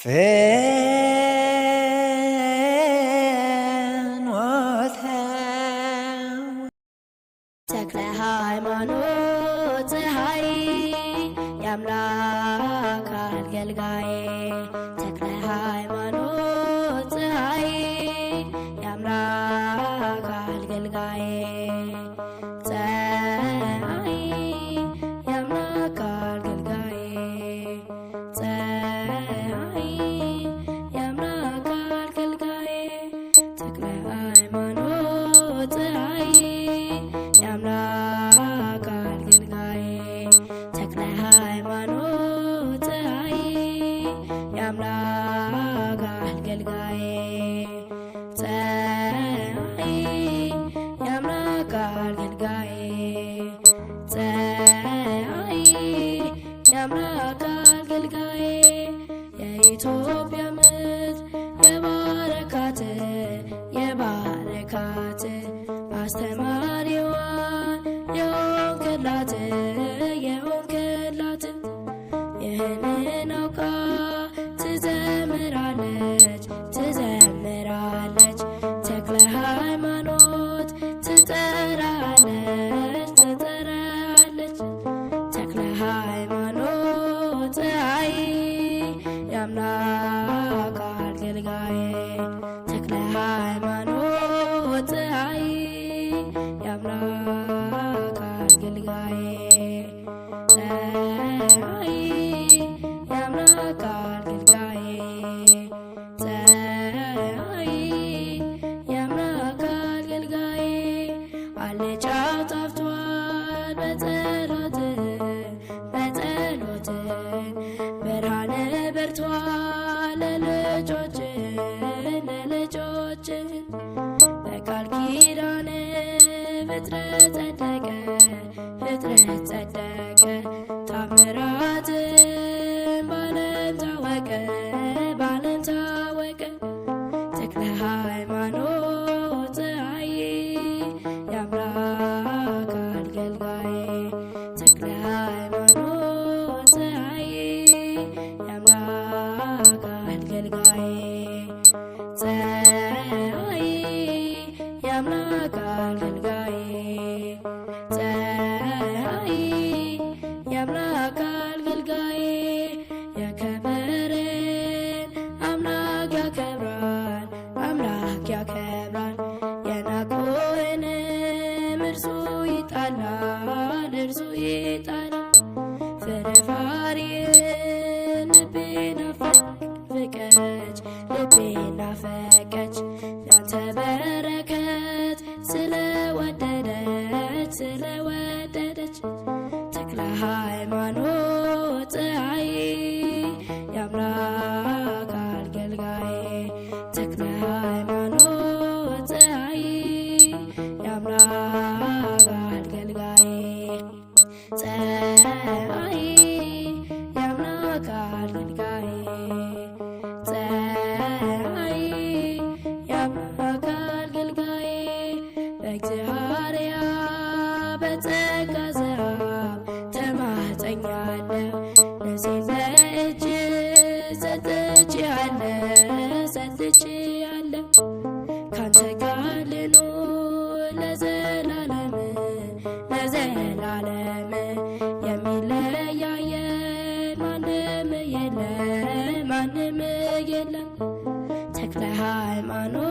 ፍኖተ ተክለ ሃይማኖት ፀሐይ የአምላክ አገልጋይ ተክለ ሃይማኖት ፀሐይ የአምላክ አገልጋይ ፍጥረት ጸደቀ፣ ታምራትን ታወቀ፣ ታወቀ። ተክለ ሃይማኖት ተክለ ሃይማኖት ቢሆንም እርሱ ይጣላል እርሱ ይጣላል ፈርፋሪን ልቤና ፈቀች ያንተ በረከት ስለወደደች ስለወደደች ተክለ ሃይማኖት የሚለያየን ማንም የለም ማንም የለም ተክለ ሃይማኖት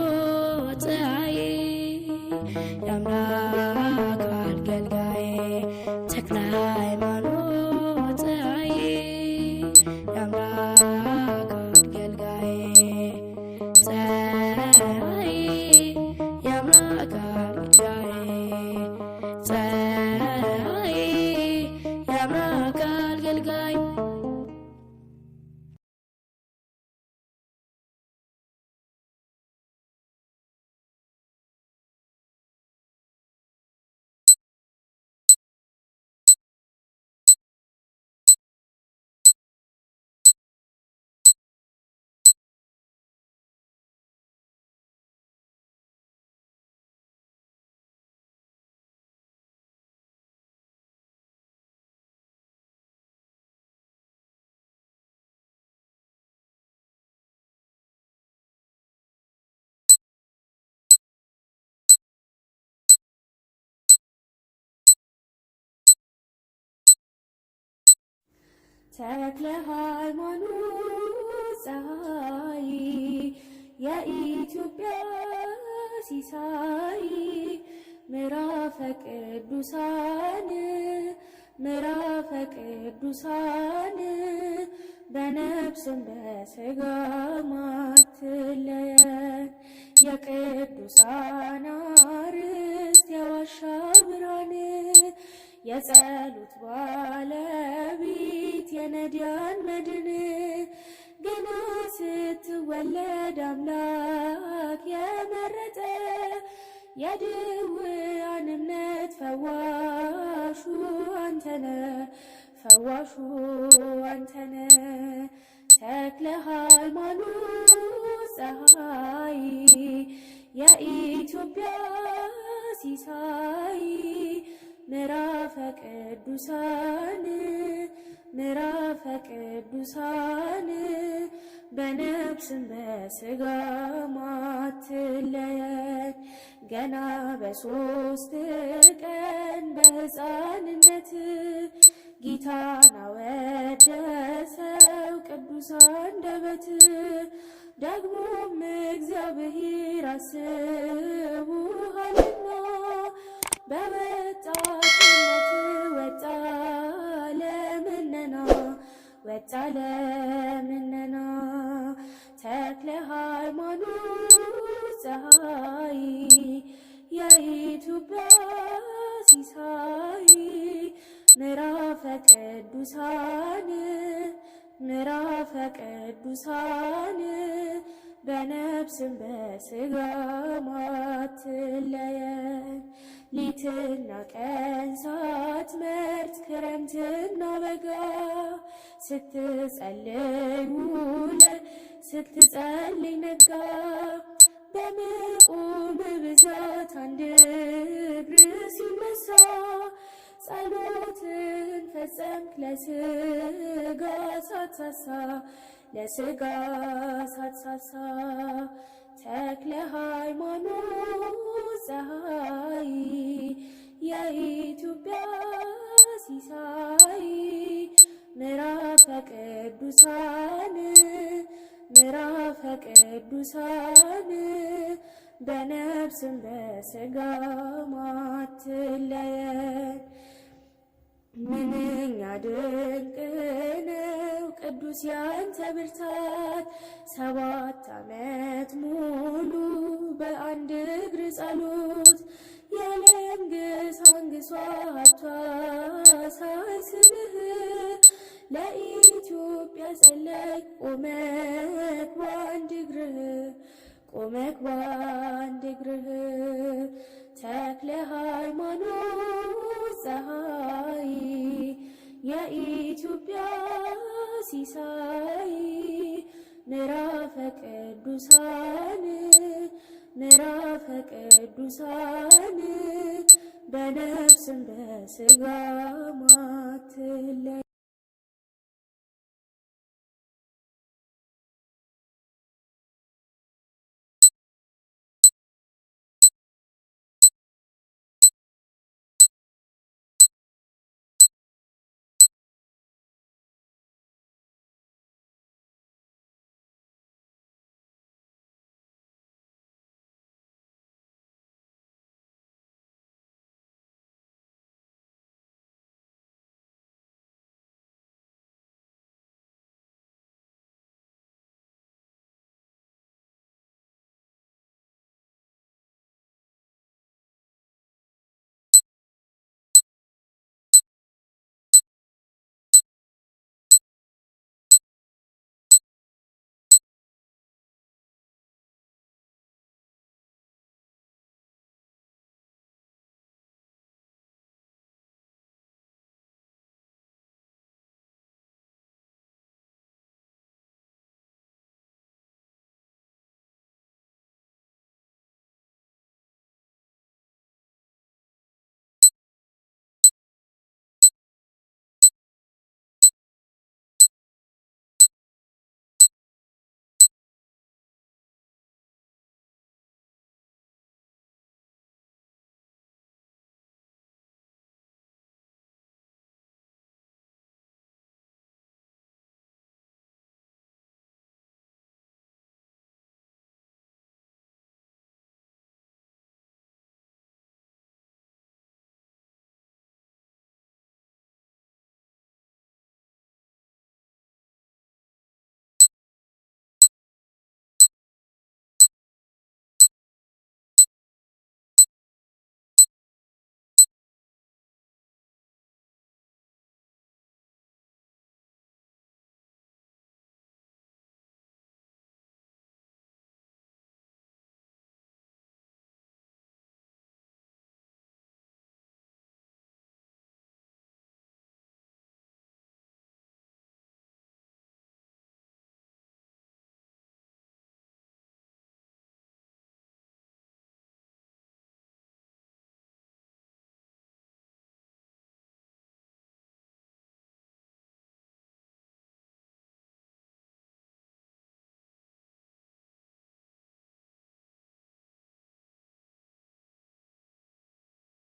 ተክለ ሃይማኖት ፀሐይ የኢትዮጵያ ሲሳይ ምዕራፈ ቅዱሳን ምዕራፈ ቅዱሳን በነፍስም በስጋ ማትለየን የቅዱሳን አርዕስት የዋሻ ብርሃን የጸሎት ባለ ከነዳያን መድን ገና ስትወለድ አምላክ የመረጠ የድውያን እምነት ፈዋሹ አንተነ ፈዋሹ አንተነ ተክለ ሃይማኖት ፀሐይ የኢትዮጵያ ሲሳይ ምዕራፈ ቅዱሳን ምዕራፈ ቅዱሳን በነፍስም በስጋ ማትለየን ገና በሶስት ቀን በሕፃንነት ጌታን አወደሰው ቅዱሳን ደበት ደግሞም እግዚአብሔር አስቡሃልና በመጣ ወጣ ለምነና ተክለ ሃይማኖት ፀሐይ የኢትዮጵያ ሲሳይ ምዕራፈ ቅዱሳን ምዕራፈ ቅዱሳን በነፍስም በስጋ ማትለየን ሊትና ቀን ሳትመርጥ ክረምትና በጋ ስትጸልይ ውለ ስትጸልይ ነጋ። በምርቁ ብዛት አንድ እግር ሲነሳ ጸሎትን ፈጸምክ ለስጋ ሳትሳሳ ለስጋ ሳትሳሳ ተክለ ሃይማኖት ፀሐይ የኢትዮጵያ ሲሳይ ምዕራፈ ቅዱሳን ምዕራፈ ቅዱሳን በነፍስም በስጋ ማትለየን ምንኛ ድንቅ ነው ቅዱስ ያንተ ብርታት ሰባት ዓመት ሙሉ በአንድ እግር ጸሎት ያለ እንግስ አንግሷ አቷ ሳይ ለኢትዮጵያ ጸለይ ቆመክ ባንድ እግርህ ቆመክ ባንድ እግርህ ተክለ ሃይማኖት ፀሐይ የኢትዮጵያ ሲሳይ ምዕራፈ ቅዱሳን ምዕራፈ ቅዱሳን በነፍስም በስጋ ማትለይ